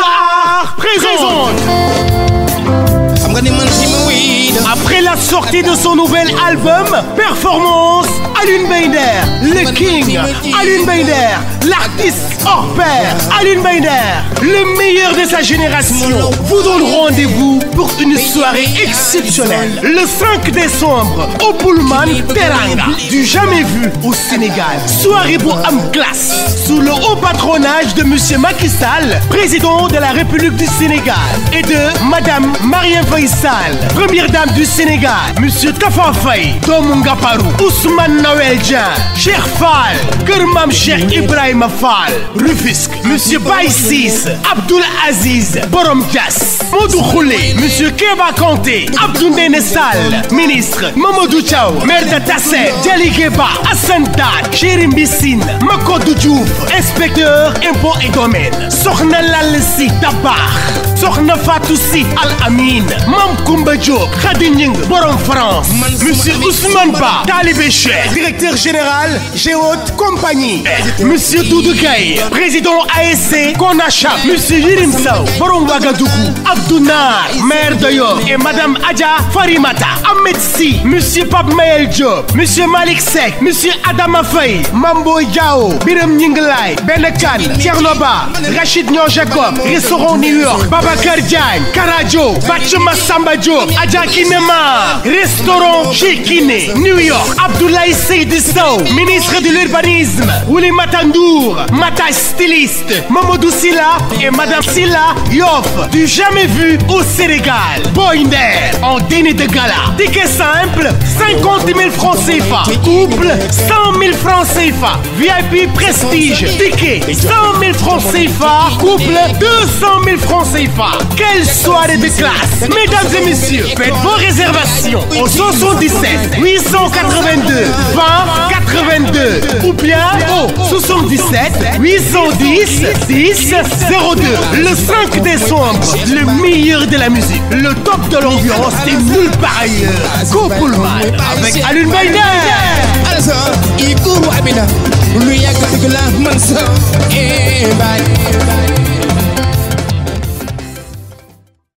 Ah, Après la sortie de son nouvel album, performance à l'une King, Aline Bader, l'artiste hors pair, Aline Bader, le meilleur de sa génération, vous donne rendez-vous pour une soirée exceptionnelle. Le 5 décembre, au Pullman Teranga, du jamais vu au Sénégal. Soirée pour âme classe, sous le haut patronage de Monsieur Macky Sall, président de la République du Sénégal, et de Madame Marianne Faisal, première dame du Sénégal, Monsieur Kafa Faye, Ousmane Noël Jean, Cher Fall kër maam Cheikh Ibrahima Fall Rufisque monsieur Baye Ciss Abdoul Aziz Borom Dias Modou Monsieur Keba Kanté, Abdou Sall, ministre, Mamadou Tchao, maire de Tassé, Djali Keba, Assanta, Chérim Bissine, Mako inspecteur impôts et domaines, Sokhna Lalsi Tabar, Sorna Fatoussi, Al Amin, Mam Koumba Diop, Borom France, Monsieur Ousmane Ba, Talibé directeur général Géote Compagnie, Monsieur Doudou président ASC Konacha, Monsieur Yirim Sao, Borom Abdouna Mère maire de et madame Adja Farimata Ahmed monsieur Pape Mayel Diop monsieur Malik Sek, monsieur Adama Faye Mambo Yao, Biram Ninglai, Ben Kane Rachid Nyon Jacob restaurant New York Baba Diagne Karajo Bachuma Samba Job Adja Kinema restaurant Sheikh Kiné, New York, Abdoulaye Seydou ministre de l'urbanisme, Oulé Matandour, Mata styliste, Mamadou Silla et Madame Silla Yoff, du jamais vu au Sénégal. Boinder en dîner de gala. Ticket simple, 50 000 francs CFA. Couple, 100 000 francs CFA. VIP prestige, ticket 100 000 francs CFA. Couple, 200 000 francs CFA. Quelle soirée de classe, mesdames et messieurs. Faites vos réservations au 70 882 20 82 ou bien 77 810 10 02. Le 5 décembre, le meilleur de la musique, le top de l'ambiance et nulle part ailleurs. Copulman avec Alun Alors, il court Lui a la